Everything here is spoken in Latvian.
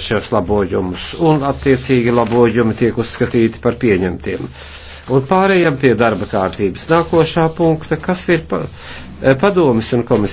šos labojumus, un attiecīgi labojumi tiek uzskatīti par pieņemtiem. Un pārējām pie darba kārtības nākošā punkta, kas ir padomis un komisija.